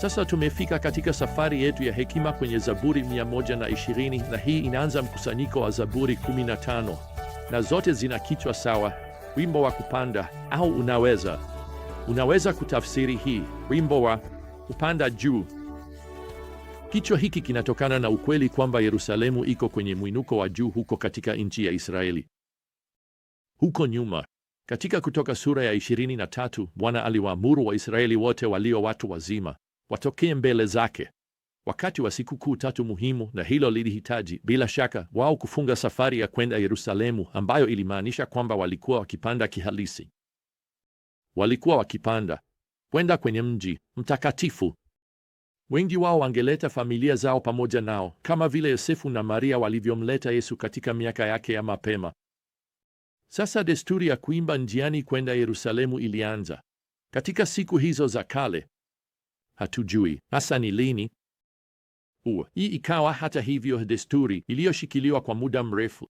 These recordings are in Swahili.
Sasa tumefika katika safari yetu ya hekima kwenye Zaburi 120 na hii inaanza mkusanyiko wa Zaburi 15 na zote zina kichwa sawa: wimbo wa kupanda au unaweza unaweza kutafsiri hii wimbo wa kupanda juu. Kichwa hiki kinatokana na ukweli kwamba Yerusalemu iko kwenye mwinuko wa juu huko katika nchi ya Israeli. Huko nyuma katika Kutoka sura ya 23 Bwana aliwaamuru Waisraeli wote walio watu wazima watokee mbele zake wakati wa sikukuu tatu muhimu, na hilo lilihitaji bila shaka wao kufunga safari ya kwenda Yerusalemu, ambayo ilimaanisha kwamba walikuwa wakipanda kihalisi, walikuwa wakipanda kwenda kwenye mji mtakatifu. Wengi wao wangeleta familia zao pamoja nao, kama vile Yosefu na Maria walivyomleta Yesu katika miaka yake ya mapema. Sasa desturi ya kuimba njiani kwenda Yerusalemu ilianza katika siku hizo za kale hatujui hasa ni lini. u hii ikawa hata hivyo desturi iliyoshikiliwa kwa muda mrefu.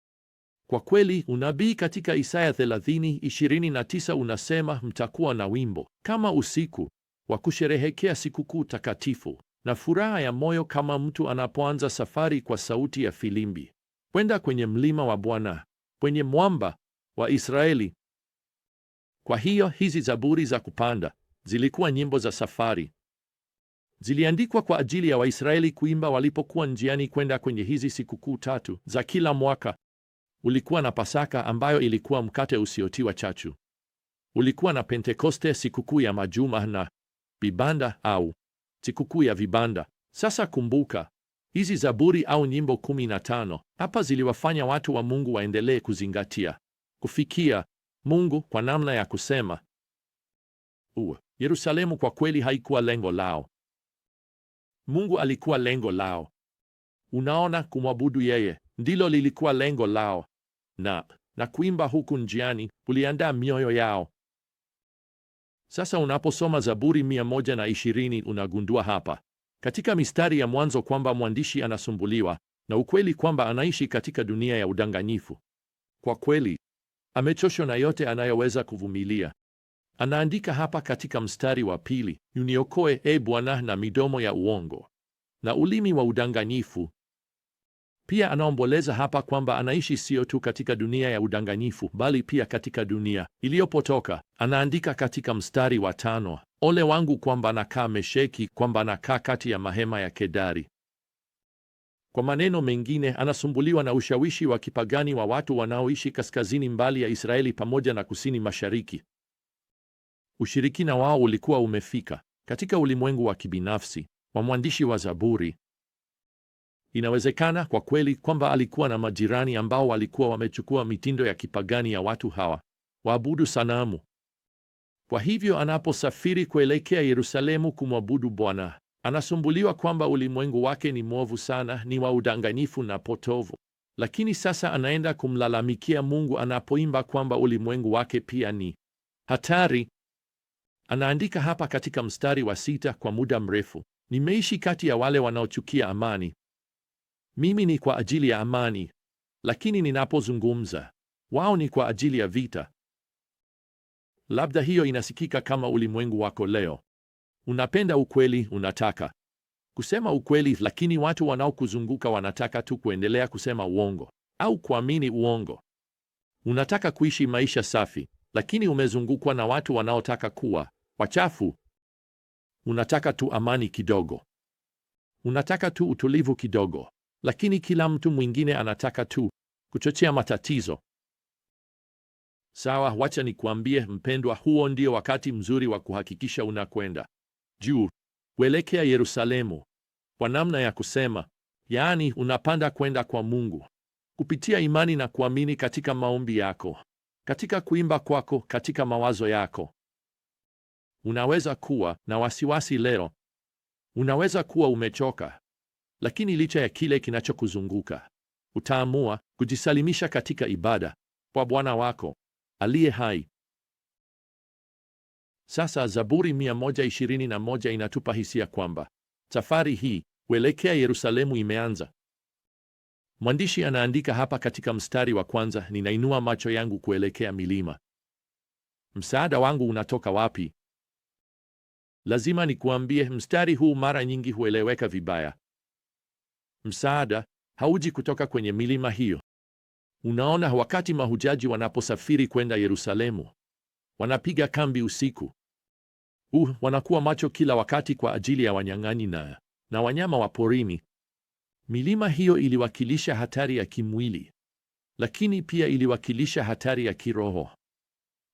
Kwa kweli unabii katika Isaya 30:29 unasema, mtakuwa na wimbo kama usiku wa kusherehekea sikukuu takatifu na furaha ya moyo kama mtu anapoanza safari kwa sauti ya filimbi kwenda kwenye mlima wa Bwana, kwenye mwamba wa Israeli. Kwa hiyo hizi zaburi za kupanda zilikuwa nyimbo za safari ziliandikwa kwa ajili ya Waisraeli kuimba walipokuwa njiani kwenda kwenye hizi sikukuu tatu za kila mwaka. Ulikuwa na Pasaka ambayo ilikuwa mkate usiotiwa chachu. Ulikuwa na Pentekoste, sikukuu ya majuma, na vibanda au sikukuu ya vibanda. Sasa kumbuka hizi Zaburi au nyimbo kumi na tano hapa ziliwafanya watu wa Mungu waendelee kuzingatia kufikia Mungu kwa namna ya kusema uwe Yerusalemu kwa kweli haikuwa lengo lao. Mungu alikuwa lengo lao. Unaona, kumwabudu yeye ndilo lilikuwa lengo lao, na na kuimba huku njiani uliandaa mioyo yao. Sasa unaposoma Zaburi 120 unagundua hapa katika mistari ya mwanzo kwamba mwandishi anasumbuliwa na ukweli kwamba anaishi katika dunia ya udanganyifu. Kwa kweli amechoshwa na yote anayoweza kuvumilia Anaandika hapa katika mstari wa pili, uniokoe e Bwana na midomo ya uongo na ulimi wa udanganyifu. Pia anaomboleza hapa kwamba anaishi sio tu katika dunia ya udanganyifu, bali pia katika dunia iliyopotoka. Anaandika katika mstari wa tano, ole wangu kwamba nakaa Mesheki, kwamba nakaa kati ya mahema ya Kedari. Kwa maneno mengine, anasumbuliwa na ushawishi wa kipagani wa watu wanaoishi kaskazini mbali ya Israeli pamoja na kusini mashariki Ushirikina wao ulikuwa umefika katika ulimwengu wa kibinafsi wa mwandishi wa Zaburi. Inawezekana kwa kweli kwamba alikuwa na majirani ambao walikuwa wamechukua mitindo ya kipagani ya watu hawa waabudu sanamu. Kwa hivyo anaposafiri kuelekea Yerusalemu kumwabudu Bwana, anasumbuliwa kwamba ulimwengu wake ni mwovu sana, ni wa udanganyifu na potovu. Lakini sasa anaenda kumlalamikia Mungu anapoimba kwamba ulimwengu wake pia ni hatari. Anaandika hapa katika mstari wa sita, kwa muda mrefu nimeishi kati ya wale wanaochukia amani. Mimi ni kwa ajili ya amani, lakini ninapozungumza, wao ni kwa ajili ya vita. Labda hiyo inasikika kama ulimwengu wako leo. Unapenda ukweli, unataka kusema ukweli, lakini watu wanaokuzunguka wanataka tu kuendelea kusema uongo au kuamini uongo. Unataka kuishi maisha safi, lakini umezungukwa na watu wanaotaka kuwa wachafu. Unataka tu amani kidogo, unataka tu utulivu kidogo, lakini kila mtu mwingine anataka tu kuchochea matatizo. Sawa, wacha nikuambie mpendwa, huo ndio wakati mzuri wa kuhakikisha unakwenda juu kuelekea Yerusalemu, kwa namna ya kusema, yaani unapanda kwenda kwa Mungu kupitia imani na kuamini katika maombi yako, katika kuimba kwako, katika mawazo yako. Unaweza kuwa na wasiwasi leo, unaweza kuwa umechoka, lakini licha ya kile kinachokuzunguka utaamua kujisalimisha katika ibada kwa Bwana wako aliye hai. Sasa Zaburi 121 inatupa hisia kwamba safari hii kuelekea Yerusalemu imeanza. Mwandishi anaandika hapa katika mstari wa kwanza, ninainua macho yangu kuelekea milima. Msaada wangu unatoka wapi? Lazima nikuambie, mstari huu mara nyingi hueleweka vibaya. Msaada hauji kutoka kwenye milima hiyo. Unaona, wakati mahujaji wanaposafiri kwenda Yerusalemu, wanapiga kambi usiku. Uh, wanakuwa macho kila wakati kwa ajili ya wanyang'anyi na na wanyama wa porini. Milima hiyo iliwakilisha hatari ya kimwili, lakini pia iliwakilisha hatari ya kiroho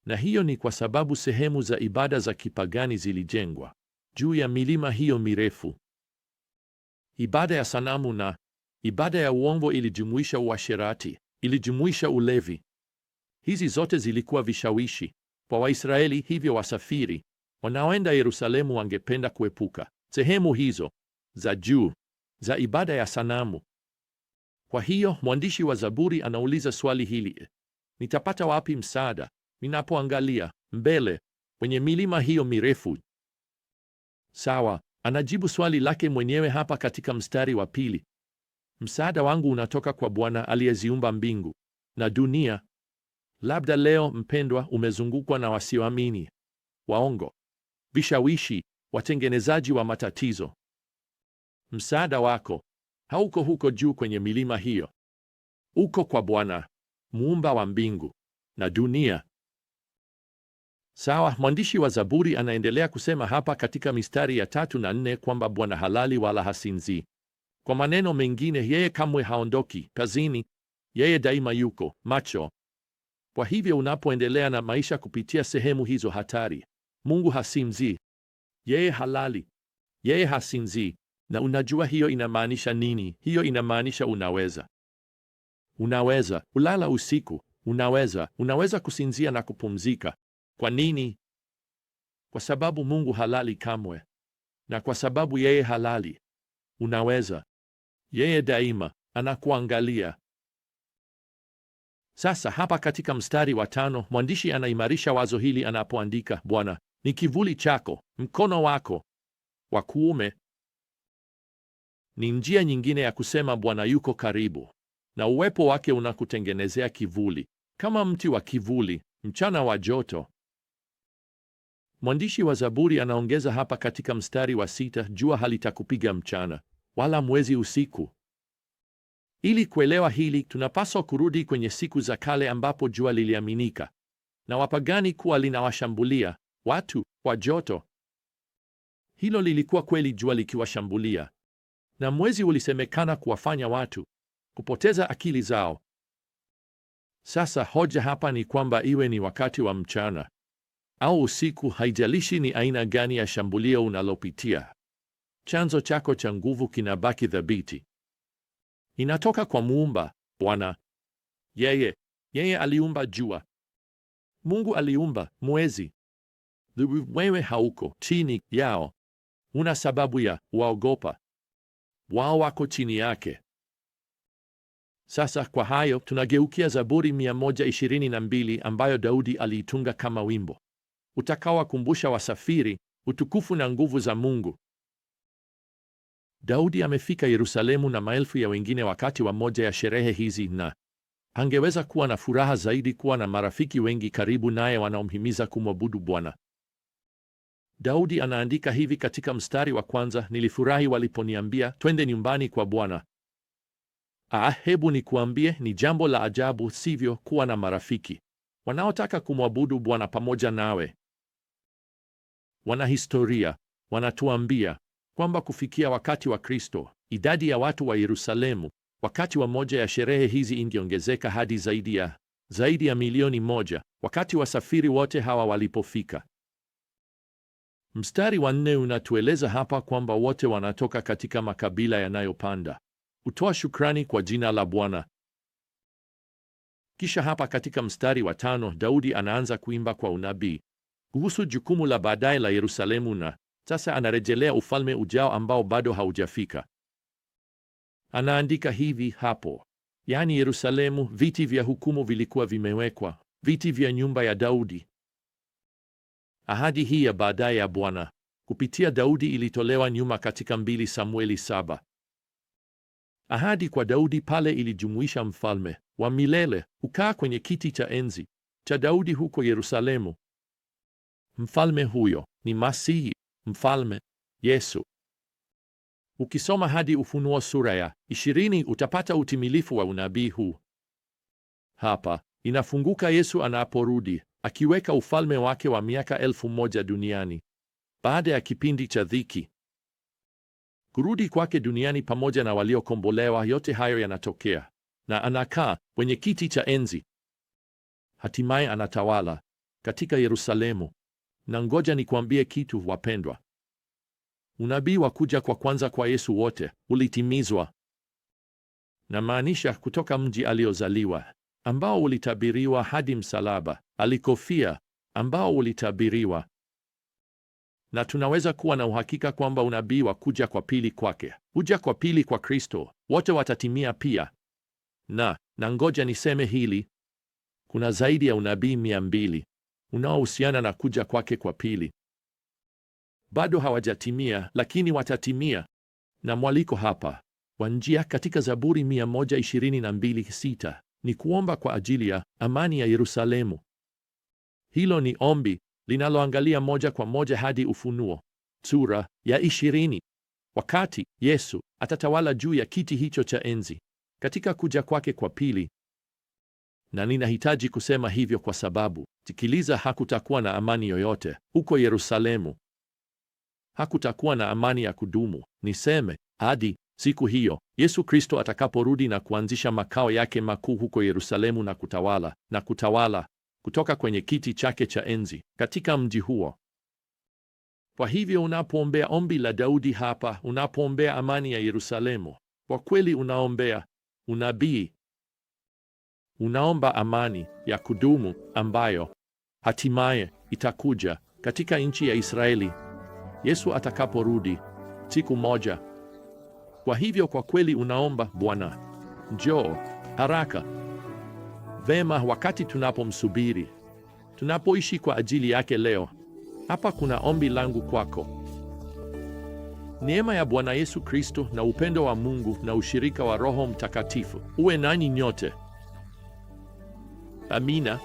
na hiyo ni kwa sababu sehemu za ibada za kipagani zilijengwa juu ya milima hiyo mirefu. Ibada ya sanamu na ibada ya uongo ilijumuisha uasherati, ilijumuisha ulevi. Hizi zote zilikuwa vishawishi kwa Waisraeli, hivyo wasafiri wanaoenda Yerusalemu wangependa kuepuka sehemu hizo za juu za ibada ya sanamu. Kwa hiyo mwandishi wa Zaburi anauliza swali hili, nitapata wapi msaada? ninapoangalia mbele kwenye milima hiyo mirefu. Sawa, anajibu swali lake mwenyewe hapa katika mstari wa pili. Msaada wangu unatoka kwa Bwana aliyeziumba mbingu na dunia. Labda leo mpendwa, umezungukwa na wasioamini, waongo, vishawishi, watengenezaji wa matatizo. Msaada wako hauko huko juu kwenye milima hiyo, uko kwa Bwana muumba wa mbingu na dunia. Sawa, mwandishi wa Zaburi anaendelea kusema hapa katika mistari ya tatu na nne kwamba Bwana halali wala hasinzii. Kwa maneno mengine, yeye kamwe haondoki kazini, yeye daima yuko macho. Kwa hivyo unapoendelea na maisha kupitia sehemu hizo hatari, Mungu hasimzii, yeye halali, yeye hasinzii. Na unajua hiyo inamaanisha nini? Hiyo inamaanisha unaweza, unaweza ulala usiku, unaweza unaweza kusinzia na kupumzika kwa nini? Kwa sababu Mungu halali kamwe, na kwa sababu yeye halali unaweza. Yeye daima anakuangalia. Sasa hapa katika mstari wa tano mwandishi anaimarisha wazo hili anapoandika, Bwana ni kivuli chako, mkono wako wa kuume. Ni njia nyingine ya kusema Bwana yuko karibu na uwepo wake unakutengenezea kivuli, kama mti wa kivuli mchana wa joto. Mwandishi wa Zaburi anaongeza hapa katika mstari wa sita, jua halitakupiga mchana wala mwezi usiku. Ili kuelewa hili, tunapaswa kurudi kwenye siku za kale ambapo jua liliaminika na wapagani kuwa linawashambulia watu kwa joto. Hilo lilikuwa kweli, jua likiwashambulia, na mwezi ulisemekana kuwafanya watu kupoteza akili zao. Sasa hoja hapa ni kwamba iwe ni wakati wa mchana au usiku, haijalishi ni aina gani ya shambulio unalopitia, chanzo chako cha nguvu kinabaki thabiti. Inatoka kwa muumba Bwana. Yeye yeye aliumba jua, Mungu aliumba mwezi. Wewe hauko chini yao, una sababu ya waogopa. Wao wako chini yake. Sasa kwa hayo tunageukia Zaburi 122 ambayo Daudi aliitunga kama wimbo utakawakumbusha wasafiri utukufu na nguvu za Mungu. Daudi amefika Yerusalemu na maelfu ya wengine wakati wa moja ya sherehe hizi, na angeweza kuwa na furaha zaidi kuwa na marafiki wengi karibu naye wanaomhimiza kumwabudu Bwana. Daudi anaandika hivi katika mstari wa kwanza, nilifurahi waliponiambia twende nyumbani kwa Bwana. Ah, hebu nikuambie, ni jambo la ajabu, sivyo, kuwa na marafiki wanaotaka kumwabudu Bwana pamoja nawe. Wanahistoria wanatuambia kwamba kufikia wakati wa Kristo, idadi ya watu wa Yerusalemu wakati wa moja ya sherehe hizi ingeongezeka hadi zaidi ya zaidi ya milioni moja wakati wasafiri wote hawa walipofika. Mstari wa nne unatueleza hapa kwamba wote wanatoka katika makabila yanayopanda utoa shukrani kwa jina la Bwana. Kisha hapa katika mstari wa tano Daudi anaanza kuimba kwa unabii kuhusu jukumu la baadaye la Yerusalemu, na sasa anarejelea ufalme ujao ambao bado haujafika. Anaandika hivi hapo, yaani Yerusalemu, viti vya hukumu vilikuwa vimewekwa, viti vya nyumba ya Daudi. Ahadi hii ya baadaye ya Bwana kupitia Daudi ilitolewa nyuma katika mbili Samueli saba. Ahadi kwa Daudi pale ilijumuisha mfalme wa milele ukaa kwenye kiti cha enzi cha Daudi huko Yerusalemu. Mfalme huyo ni Masihi, mfalme Yesu. Ukisoma hadi Ufunuo sura ya ishirini utapata utimilifu wa unabii huu. Hapa inafunguka Yesu anaporudi akiweka ufalme wake wa miaka elfu moja duniani baada ya kipindi cha dhiki. Kurudi kwake duniani pamoja na waliokombolewa, yote hayo yanatokea, na anakaa kwenye kiti cha enzi. Hatimaye anatawala katika Yerusalemu na ngoja nikwambie kitu, wapendwa, unabii wa kuja kwa kwanza kwa Yesu wote ulitimizwa, namaanisha kutoka mji aliozaliwa ambao ulitabiriwa hadi msalaba alikofia ambao ulitabiriwa. Na tunaweza kuwa na uhakika kwamba unabii wa kuja kwa pili kwake, kuja kwa pili kwa Kristo, wote watatimia pia. Na na ngoja niseme hili, kuna zaidi ya unabii mia mbili unaohusiana na kuja kwake kwa pili bado hawajatimia, lakini watatimia. Na mwaliko hapa wa njia katika Zaburi 122:6 ni kuomba kwa ajili ya amani ya Yerusalemu. Hilo ni ombi linaloangalia moja kwa moja hadi Ufunuo sura ya 20, wakati Yesu atatawala juu ya kiti hicho cha enzi katika kuja kwake kwa pili na ninahitaji kusema hivyo kwa sababu sikiliza, hakutakuwa na amani yoyote huko Yerusalemu. Hakutakuwa na amani ya kudumu, niseme, hadi siku hiyo Yesu Kristo atakaporudi na kuanzisha makao yake makuu huko Yerusalemu na kutawala na kutawala kutoka kwenye kiti chake cha enzi katika mji huo. Kwa hivyo unapoombea ombi la Daudi hapa, unapoombea amani ya Yerusalemu, kwa kweli unaombea unabii Unaomba amani ya kudumu ambayo hatimaye itakuja katika nchi ya Israeli Yesu atakaporudi siku moja. Kwa hivyo kwa kweli unaomba Bwana, njoo haraka. Vema, wakati tunapomsubiri, tunapoishi kwa ajili yake leo, hapa kuna ombi langu kwako. Neema ya Bwana Yesu Kristo na upendo wa Mungu na ushirika wa Roho Mtakatifu uwe nanyi nyote. Amina.